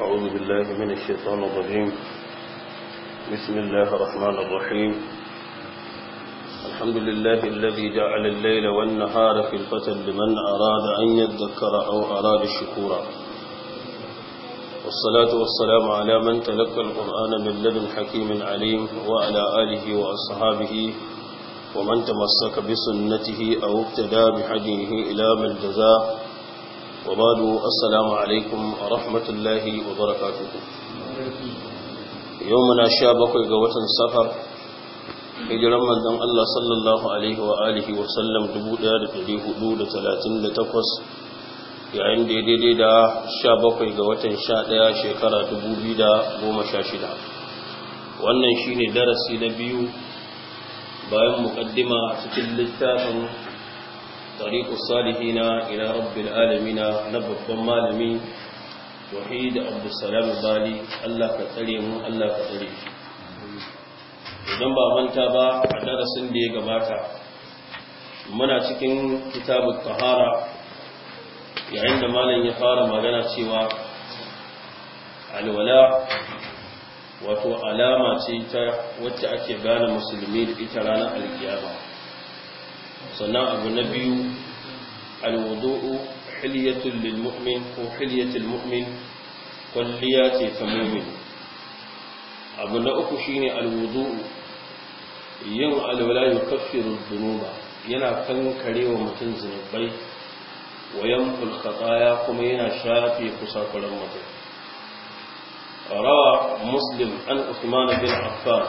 أعوذ بالله من الشيطان الرجيم بسم الله الرحمن الرحيم الحمد لله الذي جعل الليل والنهار في الفتن لمن أراد أن يذكر أو أراد الشكورا والصلاة والسلام على من تلقى القرآن من لدن حكيم عليم وعلى آله وأصحابه ومن تمسك بسنته أو ابتدى بحجيه إلى من جزاه وبعد السلام عليكم ورحمة الله وبركاته يومنا شابك قوة سفر hijiran manzon Allah sallallahu alaihi wa alihi wa sallam 1438 yayin da daidai da 17 ga watan ɗaya shekara shida. wannan shine darasi na biyu bayan muqaddima cikin littafin طريق الصالحين إلى رب العالمين نبب مالمين وحيد عبد السلام بالي الله كتريم الله كتريم idan ba manta ba a darasin da ya gabata muna cikin kitabun tahara yayin da malam ya fara magana cewa alwala wato alama ce ta wacce ake gane musulmi da ita ranar alkiyama sannan abu na biyu alwudu'u hilyatul lil mu'min ko hilyatul mu'min kwalliya ce ta mu'min abu na uku shine alwudu'u yin alwala yukaffiru dhunuba yana kankarewa mutum zunubai wayan fulkataya kuma yana shafe kusakuran mutum rawa muslim an usman bin affan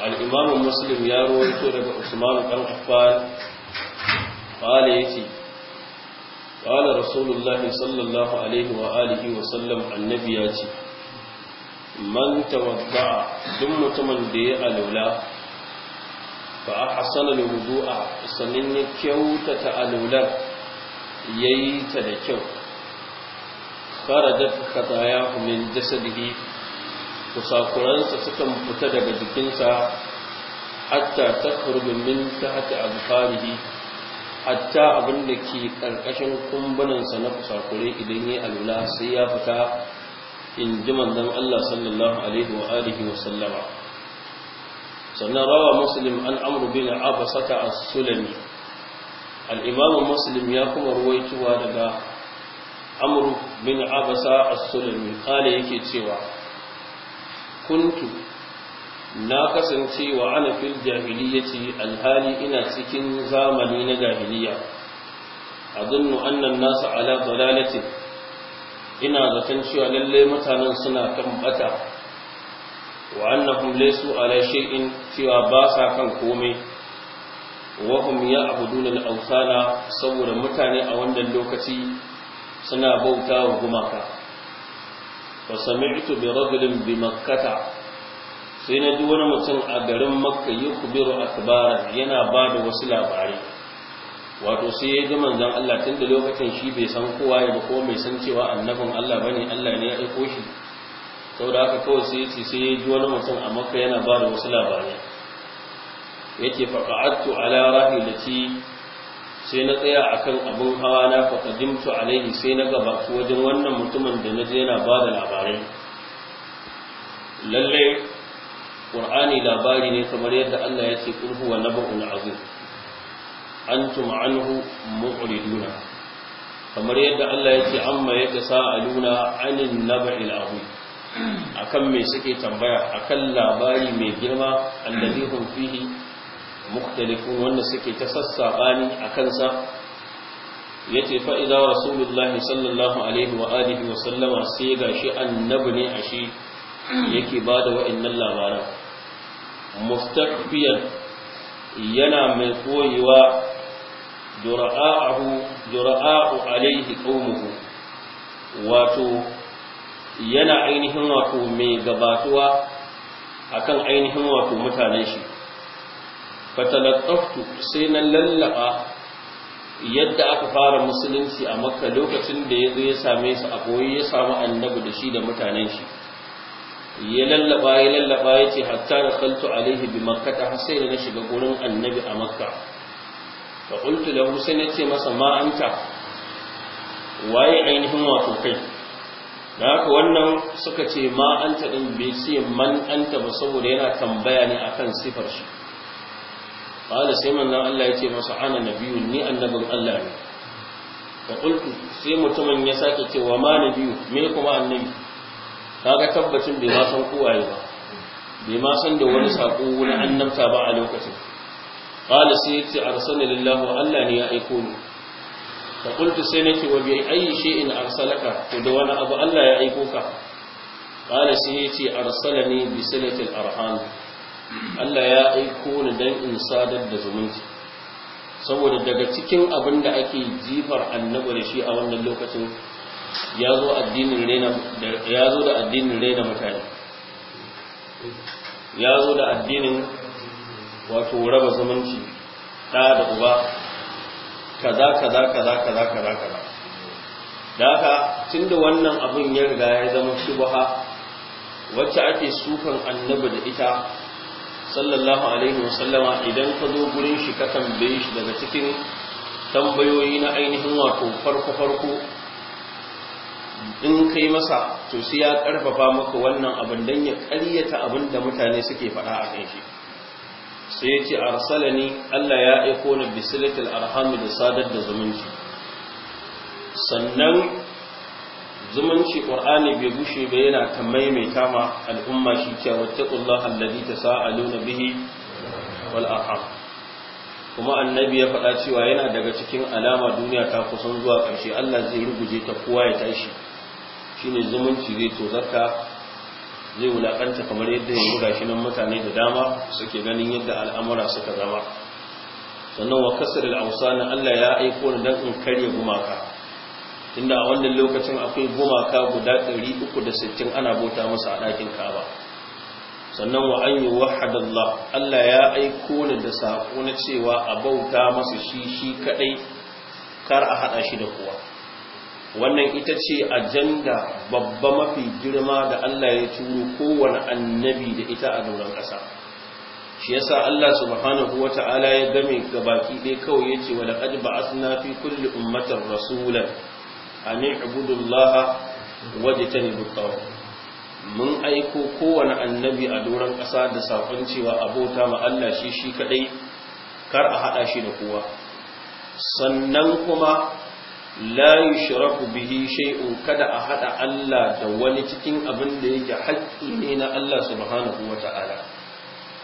al'imamun muslim ya rawaito daga Usman ɗan affan ƙwale ya ce ƙwale rasulullahi sallallahu alaihi wa wa sallam annabi ya ce man tawadda'a duk mutumin da ya alula fa a hasana da wudu'a sannan ya kyautata alular ya yi ta da kyau kharajat khatayahu min kusakuransa sukan fita daga jikinsa hatta ta min ta hata a zufarihi hatta abinda ke ƙarƙashin kumbanansa na kusakure idan ya alula sai ya fita in ji manzan Allah sallallahu alaihi wa alihi wa sallama sannan rawa musulun an amru bin abasata as-sulami al musulun ya kuma ruwaituwa daga amru bin abasa as-sulami kale yake cewa kuntu na kasance wa ana fil alhali ina cikin zamani na jahiliya adunnu annan nasu ala dalalatin ina zaton cewa lallai mutanen suna kan bata wa annahum laysu ala shay'in cewa ba sa kan komai wa hum ya'budun al-awthana saboda mutane a wannan lokaci suna bauta wa gumaka fa sami'tu bi rajulin bi makkata sai na ji wani mutum a garin makka yukhbiru akhbara yana ba da wasu labarai wato sai ya ji manzon Allah tun da lokacin shi bai san kowa ya ba ko mai san cewa annabin Allah bane Allah ne ya aiko shi saboda haka kawai sai yace sai ya ji wani mutum a makka yana ba da wasu labarai yake faqa'atu ala rahilati sai na tsaya akan abin hawa na su alaihi sai na gabatu wajen wannan mutumin da naje yana ba da labarai lalle ƙur'ani labari ne kamar yadda Allah ya ce qul huwa naba'un An antum anhu mu'riduna kamar yadda Allah ya ce sa'a yatasaaluna anin naba'il azim akan me suke tambaya akan labari mai girma allazi fihi mukhtalifun wanda suke ta sassabani a kansa yace fa idza sallallahu alaihi wa wa sallama sai gashi annabi ne a shi yake bada wa'annan labaran mustaqbiyan yana mai koyewa dura'ahu dura'u alaihi qaumuhu wato yana ainihin wato mai gabatuwa akan ainihin wato mutanen shi fatalattaftu sai na lallaba yadda aka fara musulunci a makka lokacin da ya zo ya same su a koyi ya samu annabi da shi da mutanen shi ya lallaba ya lallaba ya ce hatta da kaltu alaihi bi makka ta sai da na shiga gurin annabi a makka fa qultu lahu sai na ce masa ma anta waye ainihin wato kai da haka wannan suka ce ma anta din bai ce man anta ba saboda yana tambaya ne akan sifar shi qala sai manzon Allah ya ce masa ana nabiyyu ni annabin Allah ne fa qultu sai mutumin ya sake cewa wa ma nabiyyu me kuma annabi kaga tabbacin bai ma san ba bai ma san da wani sako wani annabta ba a lokacin qala sai ya ce arsala lillahi Allah ya aiko ni nake wa bi ayi shay'in arsalaka da wani abu Allah ya aiko ka qala ya ce arham Allah ya aiko ni dan in sadar da zumunci saboda daga cikin abin da ake jifar annabi da shi a wannan lokacin ya zo addinin rena da addinin rena mutane ya zo da addinin wato raba zumunci ɗa da uba kaza kaza kaza kaza kaza kaza da haka tunda wannan abin ya riga ya zama shubha wacce ake sukan annabi da ita sallallahu alaihi wasallama idan ka zo gurin shi ka tambaye shi daga cikin tambayoyi na ainihin wato farko farko in kai masa to sai ya karfafa maka wannan abin dan ya ƙaryata abin da mutane suke faɗa a kan shi sai ya ce arsalani Allah ya aiko ni bisilatil arham da sadar da zumunci sannan zumunci qur'ani bai bushe ba yana ta maimaita ma al'umma shi cewa wattaqullaha allazi tasaaluna bihi wal arham kuma annabi ya faɗa cewa yana daga cikin alama duniya ta kusan zuwa ƙarshe Allah zai ruguje ta kowa ya tashi shine zumunci zai tozarta zai wulakanta kamar yadda yanzu shi nan mutane da dama suke ganin yadda al'amura suka zama sannan wa kasar al'ausana Allah ya aiko ni dan in karya gumaka tunda a wannan lokacin akwai gumaka guda 360 ana bauta masa a ɗakin kaba sannan wa an yi wahadallah Allah ya aiko ni da sako na cewa a bauta masa shi shi kaɗai kar a haɗa shi da kowa wannan ita ce ajanda babba mafi girma da Allah ya turo kowane annabi da ita a doron ƙasa shi yasa Allah subhanahu wata'ala ya game gabaki ɗaya kawai yace wa a ba'athna fi kulli ummatin rasulan an ibudullaha wajtani butaw mun aiko kowane annabi a doron ƙasa da sakon cewa abota ma Allah shi shi kadai kar a hada shi da kowa sannan kuma la yushraku bihi shay'un kada a hada Allah da wani cikin abin da yake haƙƙi ne na Allah subhanahu wata'ala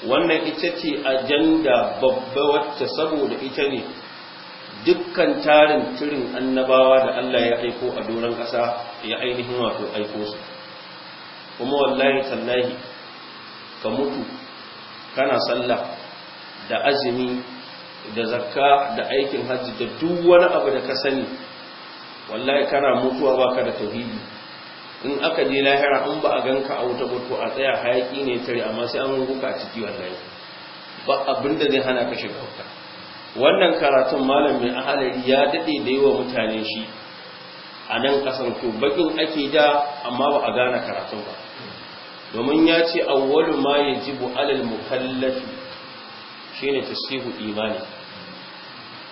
wannan ita ce ajanda babba wacce saboda ita ne dukkan tarin turin annabawa da Allah ya aiko a doron ƙasa ya ainihin wato aiko su kuma wallahi tallahi ka mutu kana sallah da azumi da zakka da aikin hajji da duk wani abu da ka sani wallahi kana mutuwa baka da tauhidi in aka je lahira in ba a ganka a wuta ba a tsaya hayaki ne tare amma sai an rubuka a ciki wallahi ba abinda zai hana ka shiga wannan karatun malam mai ahalari ya daɗe da yi wa mutane shi a nan ƙasar to bakin ake da amma ba a gane karatun ba domin ya ce awwalu ma ya ji alal mukallafi shi ne tasihu imani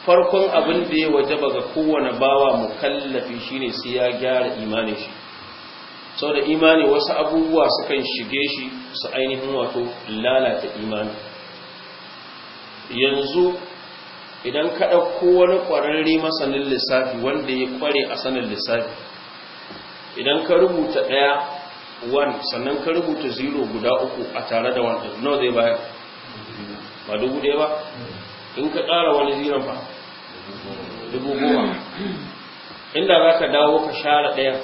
farkon abin da ya wajaba ga kowane bawa mukallafi shi ne sai ya gyara imanin shi sau da imani wasu abubuwa sukan shige shi su ainihin wato lalata imani yanzu idan ka ɗauko wani ƙwararre masanin lissafi wanda ya ƙware a sanin lissafi idan ka rubuta ɗaya one sannan ka rubuta zero guda uku a tare da one ɗin nawa zai bayar ba dubu ɗaya ba in ka ƙara wani ziron ba dubu goma inda za ka dawo ka share ɗaya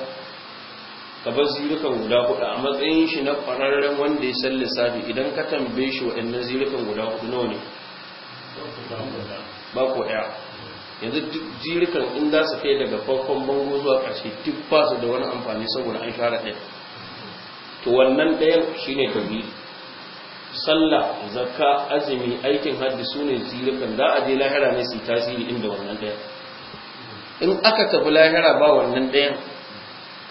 ka bar zirukan guda hudu a matsayin shi na ƙwararren wanda ya san lissafi idan ka tambaye shi waɗannan zirukan guda hudu nawa ne ba ko ɗaya yanzu duk jirikan in za su kai daga farkon bango zuwa ƙarshe duk ba su da wani amfani saboda an share ɗaya to wannan ɗayan shine tabi sallah zakka azumi aikin haddi su ne jirikan za a je lahira ne su tasiri inda wannan ɗaya. in aka tafi lahira ba wannan ɗayan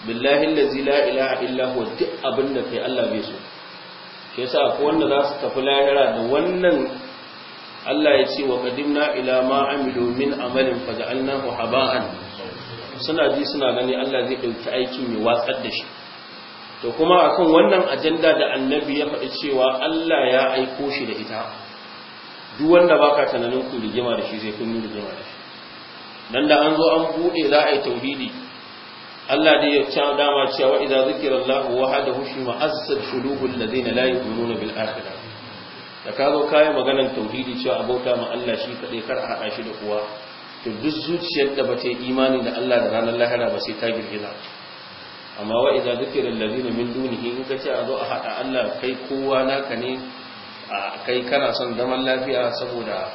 billahi allazi la ilaha illa huwa duk abin da kai Allah bai so shi yasa ko wanda za su tafi lahira da wannan Allah ya ce wa qadimna ila ma amilu min amalin faj'alnahu haba'an suna ji suna gani Allah zai dauki aikin ya watsar da shi to kuma akan wannan ajanda da annabi ya faɗi cewa Allah ya aiko shi da ita duk wanda baka tunanin ku rigima da shi sai kun rigima da shi dan da an zo an bude za a yi tauhidi Allah dai ya ce dama cewa idza zikira Allah wahdahu shi ma'assat qulubul ladina la yu'minuna bil akhirah da ka zo kayan maganan tauhidi cewa abota ma Allah shi kaɗai kar a haɗa shi da kuwa to duk zuciyar da ba ta imani da Allah da ranar lahira ba sai ta girgiza amma wa idza da alladhina min dunihi in ka ce a zo a haɗa Allah kai kowa naka ne a kai kana son zaman lafiya saboda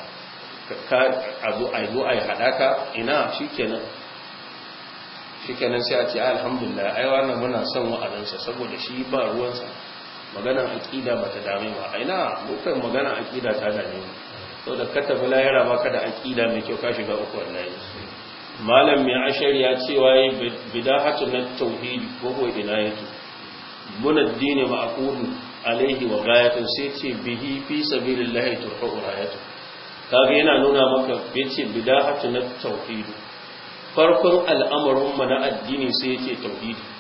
ka a zo a zo a yi haɗaka ina shikenan shikenan sai a ce alhamdulillah ai wannan muna son wa'adansa saboda shi ba ruwansa maganar aƙida ba ta dame ba aina mukan maganar aƙida ta dame ba sau da kata fi layara ba ka da aƙida mai kyau ka shiga uku wallahi malam mai ashar ya ce waye bidahatu na tauhidi ko ko ina yake mun addini ma'qud alaihi wa ghayatun sai ce bihi fi sabilillahi turfa'u rayatu kaga yana nuna maka yace bidahatu na tauhidi farkon al'amarin mu na addini sai ce tauhidi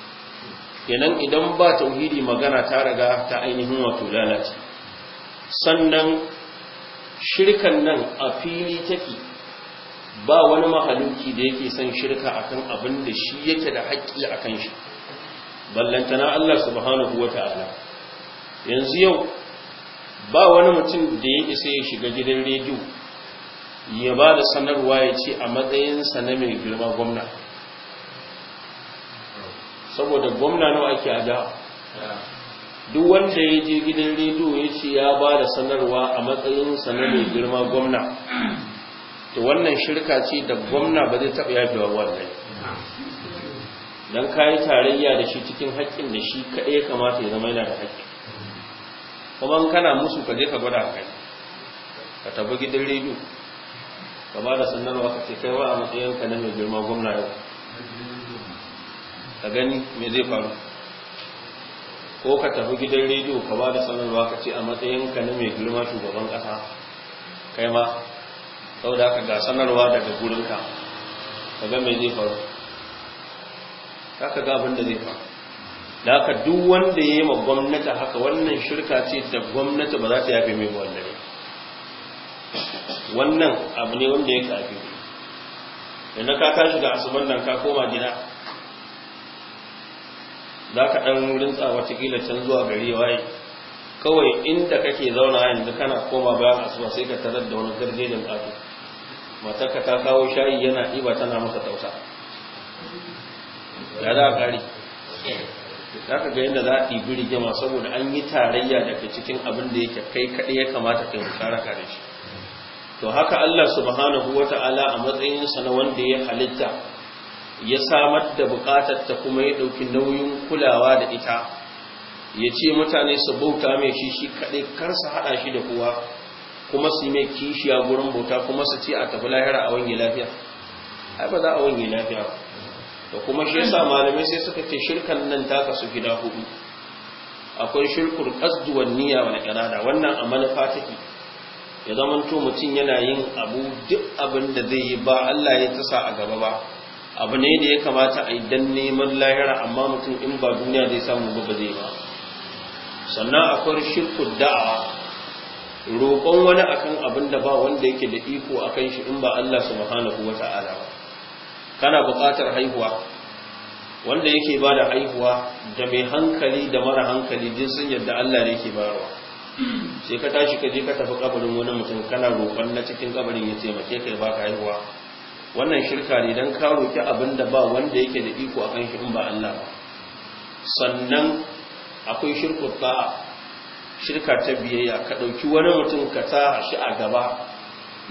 kenan idan ba tauhidi magana ta riga ta ainihin wato lalace sannan shirkan nan a fili take ba wani mahaluki da yake son shirka akan abin da shi yake da haƙƙi akan shi ballantana Allah subhanahu wata'ala yanzu yau ba wani mutum da ya isa ya shiga gidan rediyo ya ba da sanarwa ya ce a matsayinsa na mai girma gwamna saboda gwamna nawa ake a jiha duk wanda ya je gidan rediyo ya ce ya ba da sanarwa a matsayin sanar mai girma gwamna to wannan shirka ce da gwamna ba zai taɓa wa wannan don ka yi tarayya da shi cikin haƙƙin da shi kaɗai ya kamata ya zama yana da haƙƙi kuma kana musu ka je ka gwada a kai ka tabi gidan rediyo ka ba da sanarwa ka ce kai ba a ka na mai girma gwamna yau ka gani me zai faru ko ka tafi gidan rediyo ka ba da sanarwa ka ce a matsayinka na mai girma shugaban ƙasa kai ma sau da ga sanarwa daga gurinka ka ga mai zai faru ka ka ga abin da zai faru da haka duk wanda ya yi ma gwamnati haka wannan shirka ce da gwamnati ba za ta yafe mai wannan wannan abu ne wanda ya kafi da na ka tashi da asuban nan ka koma gida za ka ɗan rinsa watakila can zuwa gari waye kawai inda kake zauna yanzu kana koma bayan asuba sai ka tarar da wani garje da ƙato matarka ta kawo shayi yana ɗiba tana masa tausa ya za a kare za ka ga yadda za a ɗibi rigima saboda an yi tarayya daga cikin abin da yake kai kaɗai ya kamata kai musharaka da shi to haka Allah subhanahu Ta'ala a matsayinsa na wanda ya halitta ya samar da bukatar ta kuma ya ɗauki nauyin kulawa da ita ya ce mutane su bauta mai shi shi kaɗai kar su haɗa shi da kowa kuma su yi mai kishiya gurin bauta kuma su ce a tafi lahira a wani lafiya ai ba za a wani lafiya da kuma shi yasa malamai sai suka ce shirkan nan ta kasu gida hudu akwai shirkur kasduwan niyya wa irada wannan a manufa take ya zamanto mutum yana yin abu duk abin da zai yi ba Allah ya tasa a gaba ba abu ne da ya kamata a yi dan neman lahira amma mutum in ba duniya zai samu ba zai ba sannan akwai shirkun da'a roƙon wani akan abin da ba wanda yake da iko akan shi in ba Allah Su subhanahu ta'ala ba kana buƙatar haihuwa wanda yake ba da haihuwa da mai hankali da mara hankali jinsin yadda Allah ne yake bayarwa sai ka tashi ka je ka tafi kabarin wani mutum kana roƙon na cikin kabarin ya taimake kai ba baka haihuwa wannan shirka ne don ka roƙi abin da ba wanda yake da iko a kan shi in ba Allah ba sannan akwai shirku ta shirka ta biyayya ka ɗauki wani mutum ka ta shi a gaba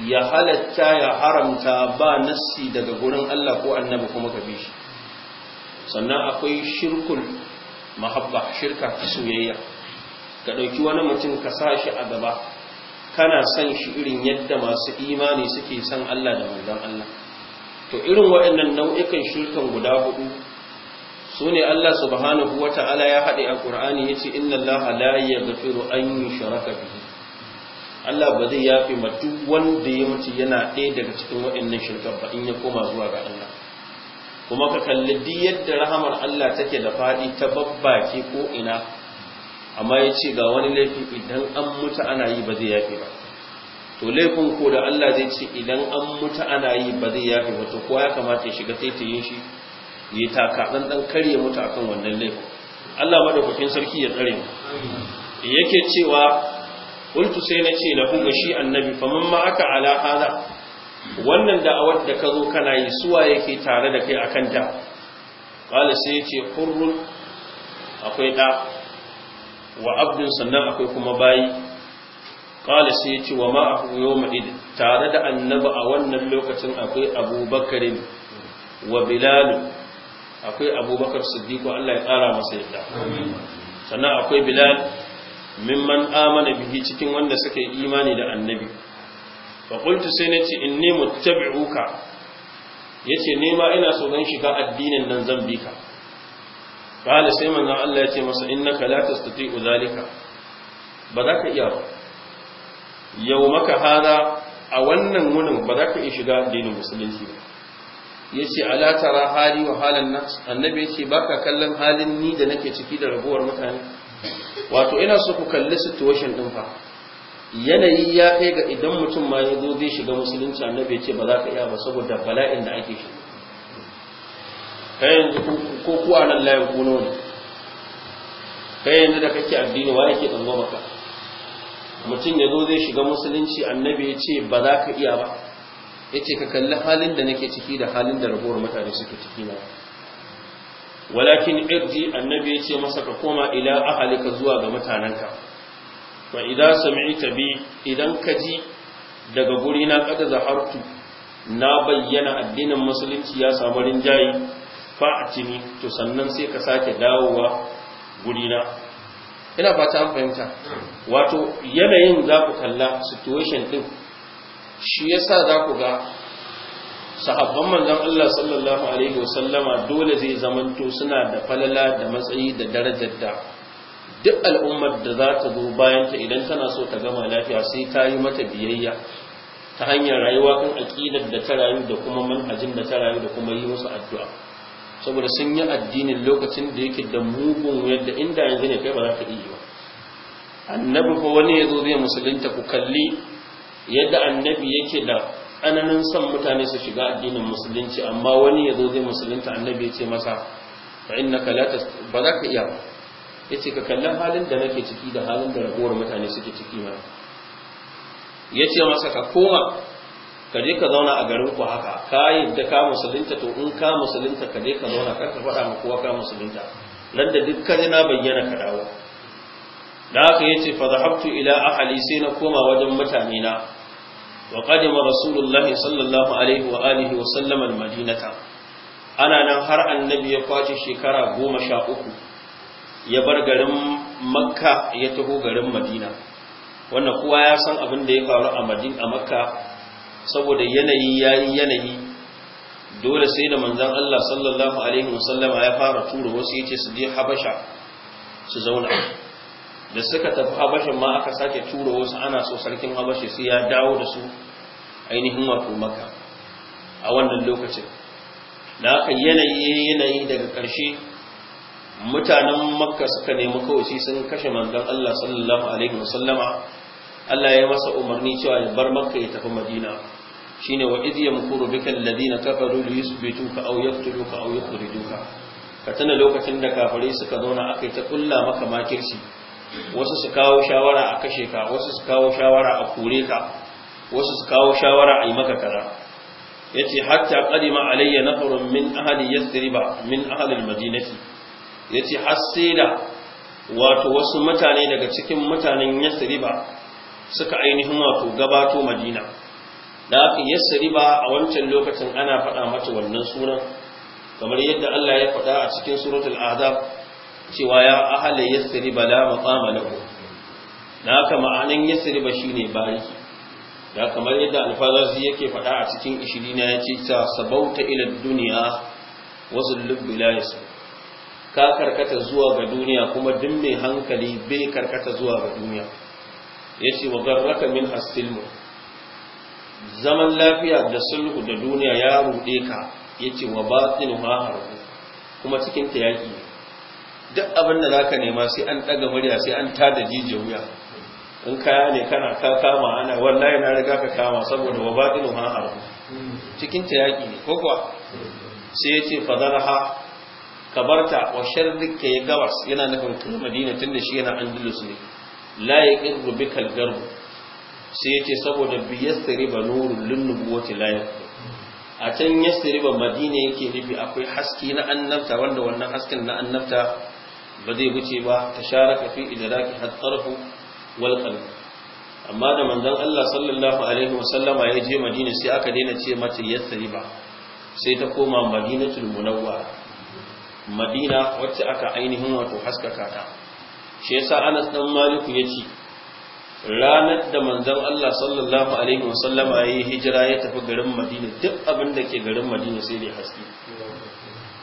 ya halatta ya haramta ba nassi daga gurin Allah ko annabi kuma ka bi shi sannan akwai shirkul mahabba shirka ta soyayya ka ɗauki wani mutum ka sa shi a gaba kana son shi irin yadda masu imani suke son Allah da manzon Allah to irin waɗannan nau'ikan shirkan guda hudu su ne Allah subhanahu wa ta'ala ya haɗe a ƙur'ani ya ce inna Allah la yaghfiru an yushraka bihi Allah ba zai yafe ma duk wanda ya mace yana ɗaya daga cikin waɗannan shirkan ba in ya koma zuwa ga Allah kuma ka kalli duk yadda rahamar Allah take da faɗi ta babbake ko ina amma ya ce ga wani laifi idan an mutu ana yi ba zai yafe ba to laifin ko da Allah zai ce idan an mutu ana yi ba zai yafe to kowa ya kamata ya shiga taitayin shi ya taka dan dan karye mutu akan wannan laifin Allah madaukakin sarki ya tsare mu yake cewa qultu sai na ce lahu shi annabi man ma aka ala hada wannan da'awar da ka zo kana yi suwa yake tare da kai akan ta qala sai yace hurrun akwai da wa abdun sannan akwai kuma bayi qala sai yace wa ma'ahu yawma id tare da annabi a wannan lokacin akwai abubakar wa bilal akwai abubakar siddiq Allah ya kara masa yadda sannan akwai bilal mimman amana bihi cikin wanda suka yi imani da annabi fa qultu sai nace inni muttabi'uka yace ne ma ina so shiga addinin nan zan bi ka qala sai manzon Allah ya ce masa innaka la tastati'u zalika ba za ka iya ba yau maka hada a wannan wunin ba za ka iya shiga dinin musulunci ba ya ce alatara hali wa halin nas annabi ya ce ba ka kallon halin ni da nake ciki da raguwar mutane wato ina so ku kalli situation din fa yanayi ya kai ga idan mutum ma ya zo zai shiga musulunci annabi ya ce ba za ka iya ba saboda bala'in da ake shi kai yanzu ko ku a nan layin kuno ne kai yanzu da kake addini wa yake tsangwama maka? mutum ya zo zai shiga musulunci annabi ya ce ba za ka iya ba ya ce ka kalli halin da nake ciki da halin da rabuwar mutane suke ciki na walakin irji annabi ya ce masa ka koma ila ahalika zuwa ga mutanenka wa idan ita bi idan ka ji daga guri na kada zahartu na bayyana addinin musulunci ya samu rinjaye cini to sannan sai ka sake dawowa gurina ina fata an fahimta wato yanayin za ku kalla situation din shi yasa za ku ga sahabban manzon Allah sallallahu alaihi wasallama dole zai zamanto suna da falala da matsayi da darajar da duk al'ummar da za ta zo bayan ta idan tana so ta gama lafiya sai ta yi mata biyayya ta hanyar rayuwa kan aqidar da ta rayu da kuma manhajin da ta rayu da kuma yi musu addu'a saboda sun yi addinin lokacin da yake da mugun yadda inda yanzu ne kai ba za ka iya ba annabi fa wani ya zo zai musulunta ku kalli yadda annabi yake da tsananin son mutane su shiga addinin musulunci amma wani ya zo zai musulunta annabi ya ce masa fa innaka la ba za ka iya ba yace ka kalli halin da nake ciki da halin da ragowar mutane suke ciki ma yace masa ka koma ka je ka zauna a garin ku haka ka yadda ka musulunta to in ka musulunta ka je ka zauna kar ka faɗa ma kowa ka musulunta nan da duk ka na bayyana ka dawo da haka yace fa zahabtu ila ahli sai na koma wajen mutane na wa qadima rasulullahi sallallahu alaihi wa alihi wa sallam almadinata ana nan har annabi ya kwace shekara goma sha uku ya bar garin makka ya taho garin madina wannan kowa ya san abin da ya faru a madina a makka saboda yanayi yayi yanayi dole sai da manzon Allah sallallahu alaihi wasallama ya fara tura wasu yace su je Habasha su zauna da suka tafi Habashin ma aka sake tura wasu ana so sarkin Habashi sai ya dawo da su ainihin wato Makka a wannan lokacin da aka yanayi yanayi daga ƙarshe mutanen makka suka nemi kawai sun kashe manzan Allah sallallahu alaihi wasallama Allah ya masa umarni cewa ya bar makka ya tafi madina shine wa iz yamkuru bika alladhina kafaru li yuthbituka aw yaqtuluka aw yukhrijuka ka tana lokacin da kafirai suka zauna akai ta kulla maka makirci wasu su kawo shawara a kashe ka wasu su kawo shawara a kore ka wasu su kawo shawara a yi maka kaza yace hatta qadima alayya nafarun min ahli yathriba min ahli almadinati yace hasila wato wasu mutane daga cikin mutanen yathriba suka ainihin wato gabato madina da aka yassari a wancan lokacin ana faɗa mata wannan sunan kamar yadda Allah ya faɗa a cikin suratul azab cewa ya ahala yassari ba la maqama lahu da haka ma'anan yassari ba shine bariki da kamar yadda alfazazi yake faɗa a cikin ishirina ya ce ta sabauta ila duniya wasu lubbila yasu ka karkata zuwa ga duniya kuma duk mai hankali bai karkata zuwa ga duniya yace wa garraka min hasilmu zaman lafiya da sulhu da duniya ya ruɗe ka Ya ce wa batinu ma harbu kuma cikin ta yaki duk abin da zaka nema sai an ɗaga murya sai an tada jijiyar wuya in kaya ne kana ka kama ana wallahi na riga ka kama saboda wa ba tsin ma harbu cikin ta yaki ne ko kuwa sai ya yace fadarha kabarta wa sharrik ya gawas yana nufin madina da shi yana andalus ne la ƙirgu bikal garbu sai ya ce saboda bi yassiri ba nurun linnubuwati la a can yastari ba madina yake nufi akwai haske na annabta wanda wannan hasken na annabta ba zai wuce ba ta sharaka fi idraki hatsarfu wal walƙal. amma da manzon Allah sallallahu alaihi wasallama ya je madina sai aka daina ce mata yastari ba sai ta koma madinatul munawwara madina wacce aka ainihin wato haskaka ta shi yasa Anas dan Maliku yace ranar da manzon Allah sallallahu alaihi wasallam ya yi hijira ya tafi garin Madina duk abin da ke garin Madina sai ne haske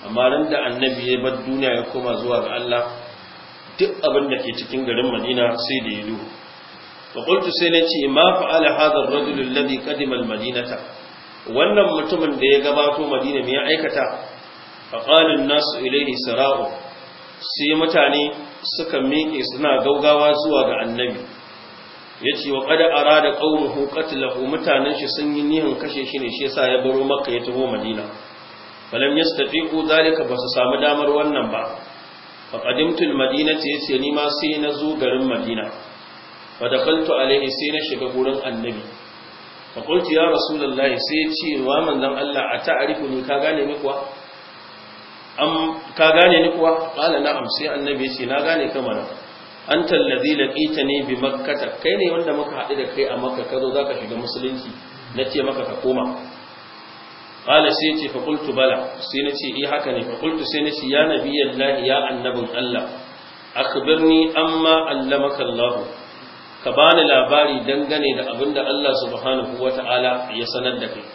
amma ran da annabi ya bar duniya ya koma zuwa ga Allah duk abin da ke cikin garin Madina sai da ya duhu fa qultu sai nace ma fa'ala hadha ar-rajul alladhi qadima al-madinata wannan mutumin da ya gabato Madina me ya aikata fa qala an-nasu ilayhi sara'u sai mutane suka miƙe suna gaugawa zuwa ga annabi yace wa qad arada qawmuhu qatlahu mutanen shi sun yi nihin kashe shi ne shi yasa ya baro makka ya taho madina falam yastatiqu zalika basu samu damar wannan ba fa qadimtu almadinati yace ni ma sai na zo garin madina fa dakaltu alaihi sai na shiga gurin annabi fa qultu ya rasulullahi sai ya ce wa manzon Allah a ta'arifu ni ka gane ni kuwa am ka gane ni kuwa qala na'am sai annabi ya ce na gane kamar anta allazi ne bi makkata kai ne wanda muka haɗu da kai a makka ka zo zaka shiga musulunci na ce maka ka koma qala sai ce fa qultu bala sai na ce eh haka ne fa qultu sai na ce ya nabiyallahi ya annabin allah akhbirni amma allamaka allah ka bani labari dangane da abinda allah subhanahu wata'ala ya sanar da kai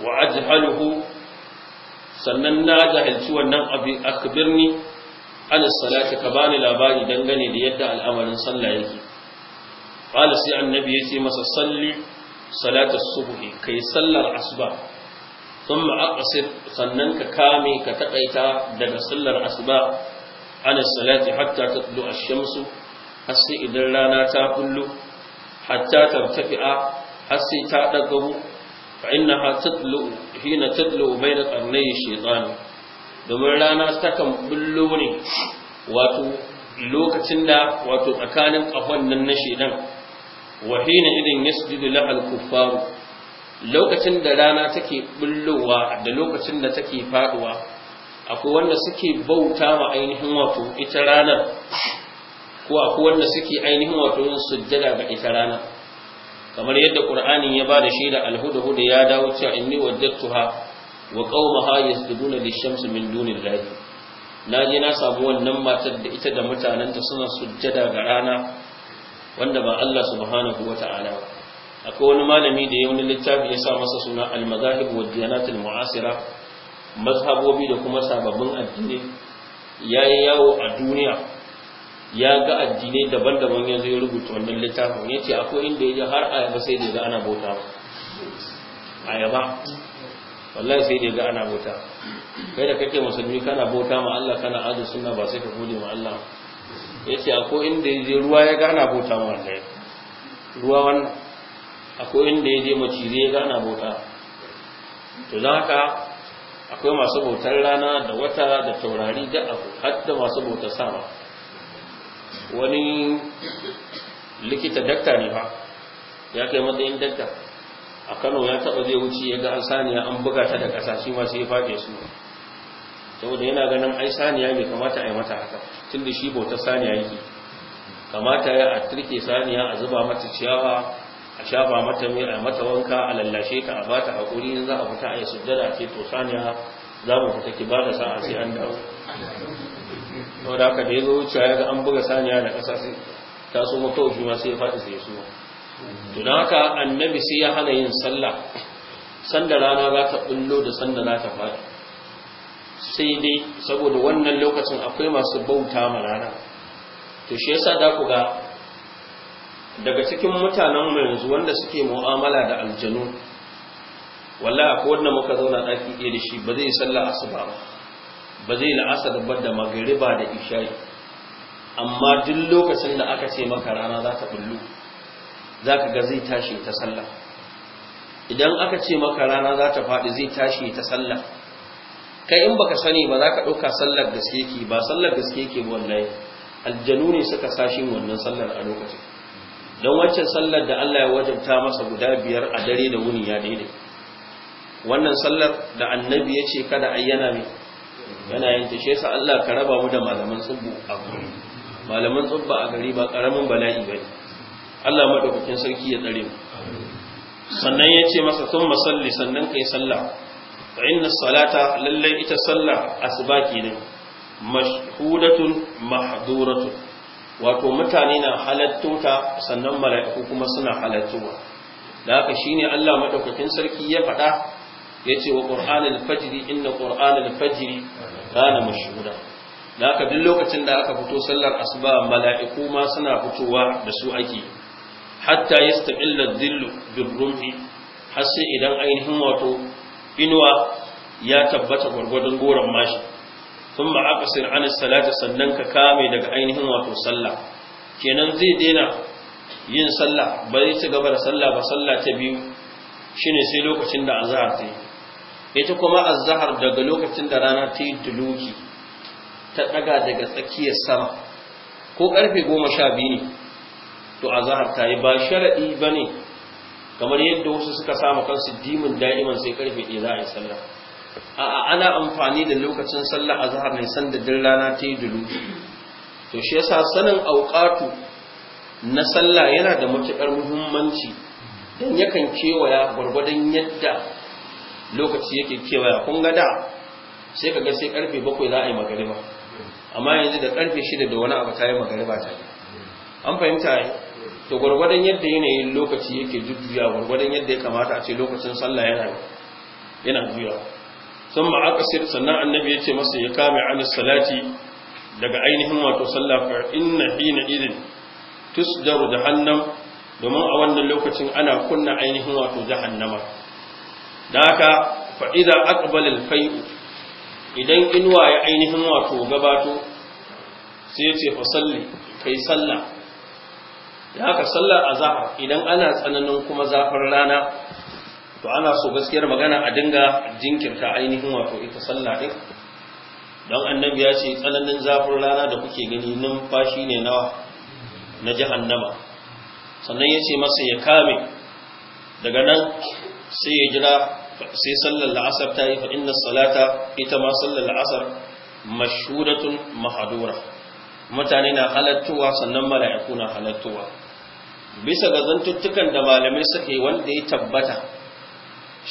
wa ajhaluhu sannan na jahilci wannan abin akbirni an salati ka bani labari dangane da yadda al'amarin sallah yake qala sai annabi ya ce masa salli salata subhi kai sallar asuba thumma aqsir sannan ka kame ka takaita daga sallar asuba an salati hatta tatlu ash-shamsu Hasi idan rana ta kullu hatta tartafi'a har sai ta dagabu fa innaha tatlu hina tatlu bayna qarnay shaytan domin rana kan bullo ne wato lokacin da wato tsakanin ƙahon nan na shedan wahina idin yasjudu lahal kuffaru lokacin da rana take bullowa da lokacin da take faɗuwa, akwai wanda suke bauta wa ainihin wato ita ranar ko akwai wanda suke ainihin wato yin sujjada ga ita ranar kamar yadda qur'ani ya ba da shaida alhuda huda ya dawo cewa inni wajjatuha wa qaumaha yasjuduna lish-shamsi min dunillahi naje na sabu wannan matar da ita da mutananta suna sujjada ga rana wanda ba Allah subhanahu wata'ala akwai wani malami da ya wani littafi ya sa masa suna al-madahib wa diyanat al-mu'asira mazhabobi da kuma sababbin addini yayi yawo a duniya ya ga addini daban-daban ya zo ya rubuta wannan littafin yace akwai inda ya har ayaba sai da ga ana bauta ayaba wallahi sai dai ga ana bauta kai da kake musulmi kana bauta ma Allah kana azu sunna ba sai ka gode ma Allah yace akwai inda yaje ruwa ya ga ana bauta ma Allah ruwa wannan akwai inda yaje macizai ya ga ana bauta to dan haka akwai masu bautar rana da wata da taurari da abu har da masu bautar sama wani likita dakta ne ba ya kai matsayin dakta a kano ya taɓa zai wuce ya ga an saniya an buga ta da ƙasa shi masu ya su saboda yana ganin ai saniya mai kamata a yi mata haka tun da shi bautar saniya yake kamata ya a turke saniya a zuba mata ciyawa a shafa mata mai a mata wanka a lallashe ta a ba ta haƙuri in za a fita a yi sujjada ce to saniya za mu fita ki ba da sa'a sai an dawo saboda haka da ya zo wuce ya ga an buga saniya da ƙasa sai ta so makawashi ma sai ya faɗi sai ya suma Tuna don haka annabi sai ya hana yin sallah sanda rana za ta bullo da sanda za ta faɗi sai dai saboda wannan lokacin akwai masu bauta ma rana to shi yasa da ku ga daga cikin mutanen mu yanzu wanda suke mu'amala da aljanu wallahi akwai wanda muka zauna ɗaki ɗaya da shi ba zai sallah asuba ba ba zai la'asar ba da magariba da isha'i amma duk lokacin da aka ce maka rana za ta bullo za ka ga zai tashi ta sallah idan aka ce maka rana za ta faɗi zai tashi ta sallah kai in baka sani ba za ka ɗauka sallar gaske ke ba sallar gaske ke wallahi aljanu ne suka sashi wannan sallar a lokacin don waccan sallar da Allah ya wajabta masa guda biyar a dare da wuni ya daidai wannan sallar da annabi ya ce kada ayyana mai yana yin ta shesa Allah ka raba mu da malaman tsubbu a gari malaman tsubba a gari ba karamin bala'i bane Allah madaukakin sarki ya tsare mu sannan ya ce masa sun masalli sannan kai sallah fa inna salata lallai ita sallah asuba kenan mashhudatun mahduratun wato mutane na ta sannan mala'iku kuma suna halattuwa da haka shine Allah madaukakin sarki ya faɗa yace wa qur'anul fajri inna qur'anul fajri kana mashhuda da haka duk lokacin da aka fito sallar asuba mala'iku ma suna fitowa da su ake hatta yastaqilla dhillu birrumhi har sai idan ainihin wato inuwa ya tabbata gwargwadon goron mashi aka aqsir an salata sannan ka kame daga ainihin wato sallah kenan zai daina yin sallah ba zai ci gaba da sallah ba sallah ta biyu shine sai lokacin da azhar ta yi ita kuma azhar daga lokacin da rana ta yi duluki ta daga daga tsakiyar sama ko karfe goma sha biyu ne to azahar ta yi ba sharaɗi ba ne kamar yadda wasu suka samu kansu dimin da'iman sai karfe ɗaya za a yi sallah a'a ana amfani da lokacin sallah a Zahar san da din rana ta yi dulu to shi yasa sanin aukatu na sallah yana da matuƙar muhimmanci don yakan kewaya gwargwadon yadda lokaci yake kewaya kun ga da sai ga sai karfe bakwai za a yi magariba amma yanzu da karfe shida da wani abu ta yi magariba ta an fahimta to gwargwadon yadda yanayin lokaci yake jujjuya gwargwadon yadda ya kamata a ce lokacin sallah yana yana juya sun ma sannan annabi ya ce masa ya kame anis salati daga ainihin wato sallah fa inna hina idin tusjaru jahannam domin a wannan lokacin ana kunna ainihin wato jahannama da haka fa idza aqbala al-fay'u idan inuwa ya ainihin wato gabato sai ya ce fa salli kai sallah da haka sallar azahar idan ana tsananin kuma zafin rana to ana so gaskiyar magana a dinga jinkirta ainihin wato ita sallah din don annabi ya ce tsananin zafin rana da kuke gani numfashi ne nawa na jahannama sannan ya ce masa ya kame daga nan sai ya jira sai sallar la'asar ta yi fa'in salata ita ma sallar la'asar mashudatun mahadura mutane na halattuwa sannan mala'iku na halattuwa bisa ga zantuttukan da malamai suka wanda ya tabbata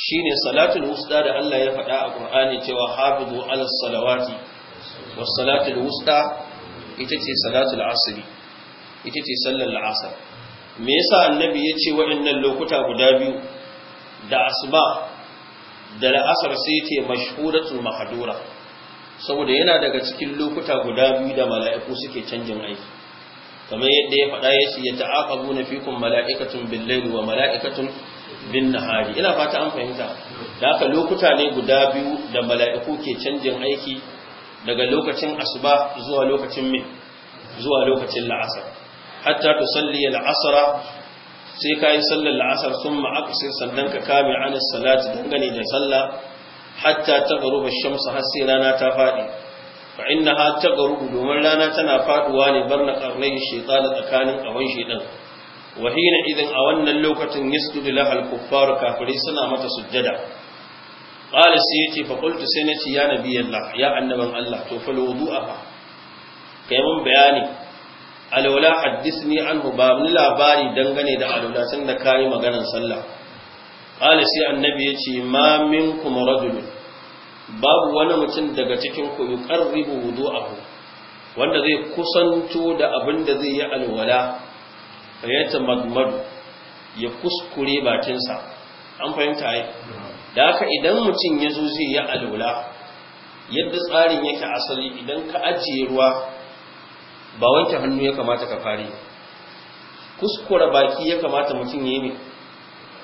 shine salatul wusta da Allah ya faɗa a ƙur'ani cewa hafizu ala salawati wa salatul wusta ita ce salatul asiri ita ce sallar la'asar. me yasa annabi ya ce waɗannan lokuta guda biyu da asuba da la'asar sai ce mashhuratul mahdura saboda yana daga cikin lokuta guda biyu da mala'iku suke canjin aiki kamar yadda ya faɗa ya ce ya ta'aqabu na fikum mala'ikatun bil layli wa mala'ikatun bin nahari ina fata an fahimta da haka lokuta ne guda biyu da mala'iku ke canjin aiki daga lokacin asuba zuwa lokacin min zuwa lokacin la'asar hatta tusalli sai kayi sallar la'asar sun aqsir sannan ka kame an salati dangane da sallah hatta ta ash-shamsu har sai rana ta faɗi fa innaha taqrubu domin rana tana faɗuwa ne barna qarnai shaytan tsakanin awan shaytan wa hina idan a wannan lokacin yasjudu lahal kuffar kafiri suna mata sujjada qala sai yace fa qultu sai nace ya nabiyallah ya annaban Allah to fa wudu'a kai mun bayani alwala ni anhu ba mun labari dangane da alwala tun da maganar sallah qala sai annabi yace ma minkum rajul babu wani mutum daga cikin ku yuqarribu wudu'ahu wanda zai kusanto da abin da zai yi alwala fayyata magmadu ya kuskure bakinsa an fahimta ai da haka idan mutum ya zo zai yi alwala yadda tsarin yake asali idan ka ajiye ruwa ba wanke hannu ya kamata ka fari kuskura baki ya kamata mutum ya yi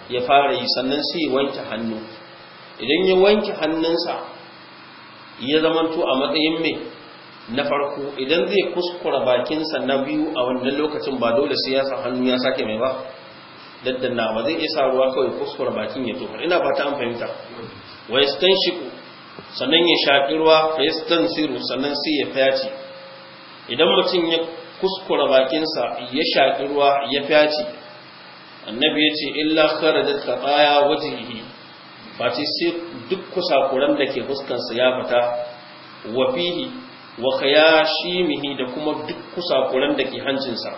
ya fara yi sannan sai wanke hannu idan ya wanke hannunsa ya zamanto a matsayin mai na farko idan zai kuskura bakinsa na biyu a wannan lokacin ba dole sai ya sa hannu ya sake mai ba daddanna ba zai iya sa ruwa kawai kuskura bakin ya tofa ina ba ta an fahimta wa yastanshiku sannan ya shaƙi ruwa fa yastansiru sannan sai ya fyaci idan mutum ya kuskura bakinsa ya shaƙi ruwa ya fyaci annabi ya ce illa kharajat qataya wajhihi face sai duk kusakuran da ke fuskansa ya fita wa fihi wa da kuma duk kusakuran da ke hancinsa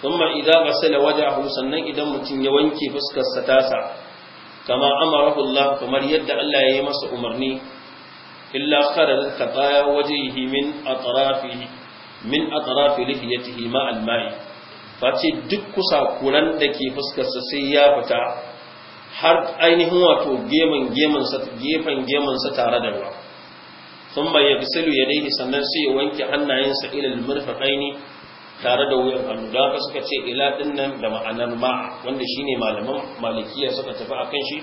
thumma idza ghasala wajhahu sannan idan mutum ya wanke fuskarsa tasa kama amarahu Allah kamar yadda Allah ya yi masa umarni illa kharajat qataya wajhihi min atrafihi min atrafi lihiyatihi ma al-ma'i face duk kusakuran da ke fuskarsa sai ya fita har ainihin wato geman gemansa gefen gemansa tare da ruwa sun bai yaksilu ya daidai sannan sai ya wanke hannayensa ilal murfaqaini tare da wuyan hannu da haka suka ce ila dinnan da ma'anar ma'a wanda shine malaman malikiya suka tafi akan shi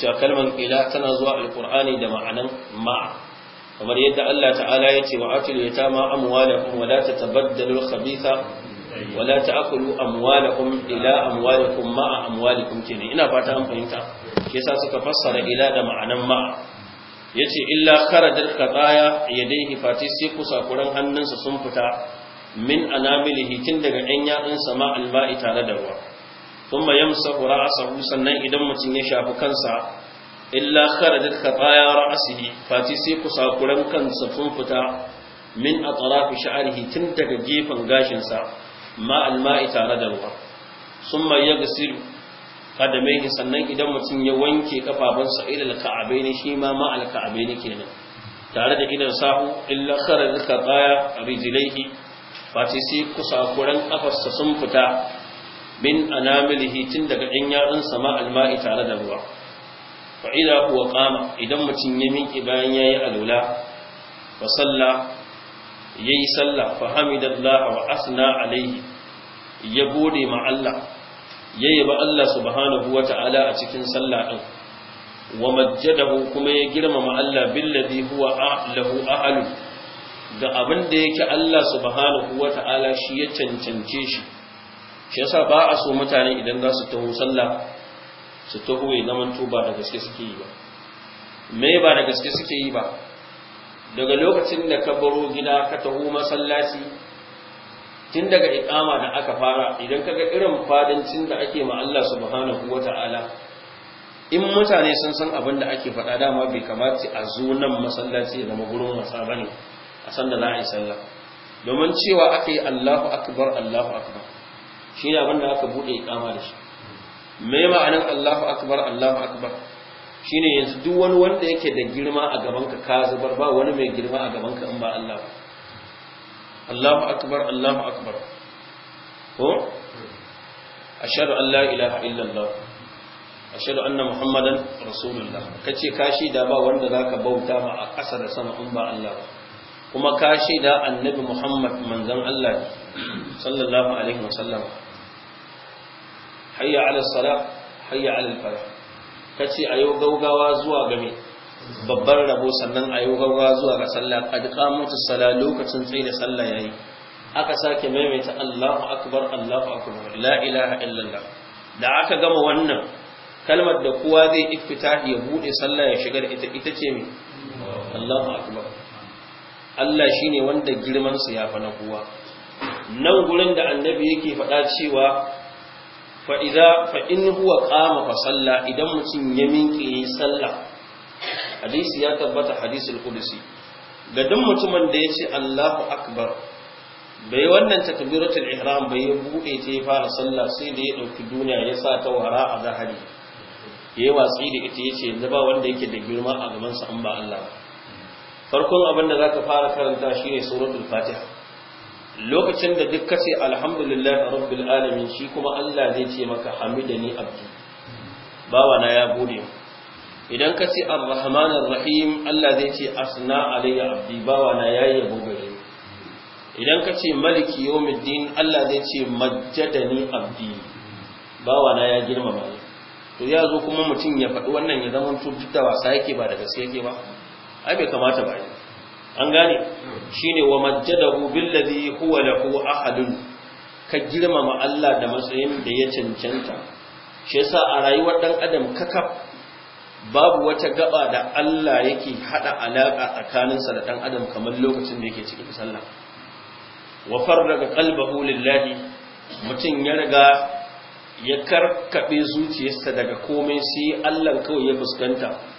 cewa kalmar ila tana zuwa alqur'ani da ma'anar ma'a kamar yadda Allah ta'ala ya ce wa atil yatama amwalakum wa la tatabaddalu al-khabitha wala ta'kulu amwalakum ila amwalikum ma'a amwalikum kenan ina fata an fahimta shi suka fassara ila da ma'anan ma'a yace illa kharajat qataya yadayhi fati sai kusakuran hannunsa sun fita min anamilihi tun daga ɗan yatsun sama alma'i tare da ruwa thumma yamsahu ra'sahu sannan idan mutum ya shafi kansa illa kharajat khataya ra'sihi fati sai kusakuran kansa sun fita min atrafi daga gefen gashinsa. ma alma'i tare da ruwa sun mai ya gasiru kadamai sannan idan mutum ya wanke kafafunsa ilal ka'abe ne shi ma ma alka'abe ne kenan tare da idan sahu illa kharaj ka qaya rijlaihi fati sai kusa kuran kafarsa sun fita min anamilihi tun daga ɗan yatsun sama alma'i tare da ruwa fa idza huwa qama idan mutum ya miƙe bayan yayi alula fa salla yayi sallah fa hamidallahi wa asna alaihi ya gode ma Allah ya yaba Allah subhanahu ta'ala a cikin sallah ɗin. wa majjadahu kuma ya girmama Allah billadhi huwa lahu ahlu da abin da yake Allah subhanahu ta'ala shi ya cancance shi shi yasa ba a so mutane idan za su taho sallah su taho ya zaman tuba da gaske suke yi ba me ba da gaske suke yi ba daga lokacin da ka baro gida ka taho masallaci tun daga iqama da aka fara idan ka ga irin fadancin da ake ma Allah subhanahu wataala in mutane sun san abin da ake faɗa dama bai kamata a zo nan masallaci da zama gurin wasa bane a san da za yi sallah domin cewa aka yi Allahu akbar Allahu akbar shi ne abin da aka buɗe iqama da shi me ma'anar Allahu akbar Allahu akbar shine yanzu duk wani wanda yake da girma a gabanka ka zubar ba wani mai girma a gabanka in ba Allah Allahu akbar Allahu akbar ko ashhadu an la ilaha illallah ashhadu anna muhammadan rasulullah kace ka shaida ba wanda zaka bauta ma a ƙasa da sama in ba Allah kuma ka shaida annabi muhammad manzon Allah sallallahu alaihi wasallam hayya ala salat hayya ala al falah ka ce a yau gaugawa zuwa gami, babbar babban rabo sannan a yau gaugawa zuwa ga sallah qad qamatu sallah lokacin tsaye da sallah yayi aka sake maimaita Allahu akbar Allahu akbar la ilaha illallah da aka gama wannan kalmar da kowa zai iftitahi ya bude sallah ya shiga da ita ita ce me Allahu akbar Allah shine wanda girman sa ya fa na kowa nan gurin da annabi yake faɗa cewa fa idza fa huwa qama fa salla idan mutum ya minke yi salla hadisi ya tabbata hadisul qudsi ga dan mutumin da ya ce Allahu akbar bai wannan takbiratul ihram bai buɗe ta ya fara sallah sai da ya ɗauki duniya ya sa ta wara a zahari yayi watsi da ita yace yanzu ba wanda yake da girma a gabansa sa an ba Allah farkon abin da zaka fara karanta shine suratul fatiha lokacin da duk kace alhamdulillah rabbil alamin shi kuma Allah zai ce maka hamidani abdi bawa na ya gode idan kace arrahman arrahim Allah zai ce asna alayya abdi bawa na ya yabo gare idan kace maliki yawmiddin Allah zai ce majjadani abdi bawa na ya girmama ni to ya zo kuma mutum ya faɗi wannan ya zama duk da wasa yake ba da gaske yake ba ai bai kamata ba ne an gane ne wa majjadahu kuwa huwa kuwa ahadun ka girmama Allah da matsayin da ya cancanta shi yasa a rayuwar ɗan adam kakaf babu wata gaba da Allah yake hada alaka tsakaninsa da ɗan adam kamar lokacin da yake cikin sallah wa farraga qalbahu lillahi mutum ya riga ya karkabe zuciyarsa daga komai sai Allah kawai ya fuskanta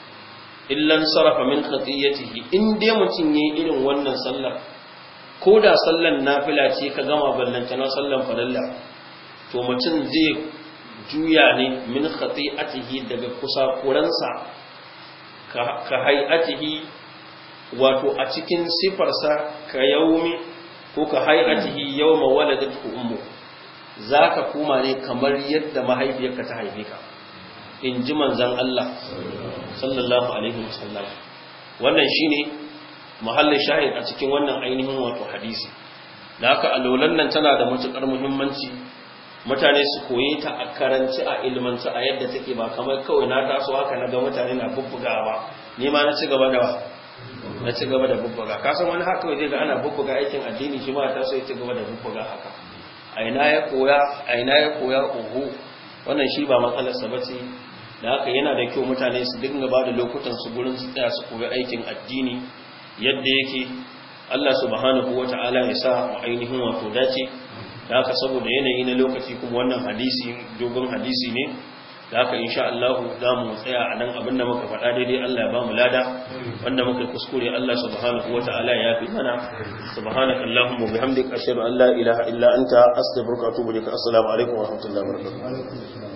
illan sarafa min khatiyyatihi in dai mutum yayi irin wannan sallar ko da sallar nafila ce ka gama na sallar falalla to mutum zai juya ne min khati'atihi daga kusa kuransa ka hay'atihi wato a cikin sifarsa ka yaumi ko ka hay'atihi yawma waladatu ummu zaka koma ne kamar yadda mahaifiyarka ta haife ka in ji manzon Allah sallallahu alaihi wasallam wannan shine muhallin shahid a cikin wannan ainihin wato hadisi da haka alolan nan tana da matukar muhimmanci mutane su koye ta a karanci a ilmanci a yadda take ba kamar kawai na taso haka na ga mutane na bubbugawa ni ma na ci gaba da na ci gaba da bubbuga ka san wani haka waje ga ana bubbuga aikin addini shi ma ta so ya ci gaba da bubbuga haka a ina ya koya a ina ya koya uhu wannan shi ba matsalar sa bace da haka yana da kyau mutane su dinga ba da lokutan su gurin su tsaya su koyi aikin addini yadda yake Allah subhanahu wata'ala ya sa mu ainihin wato dace da haka saboda yanayi na lokaci kuma wannan hadisi dogon hadisi ne da haka insha Allah za mu tsaya a nan abin da muka faɗa daidai Allah ya ba mu lada wanda muka kuskure Allah subhanahu wata'ala ya fi mana subhanaka allahumma bihamdika ashhadu an la ilaha illa anta astaghfiruka wa atubu ilaik assalamu alaikum wa rahmatullahi wa barakatuh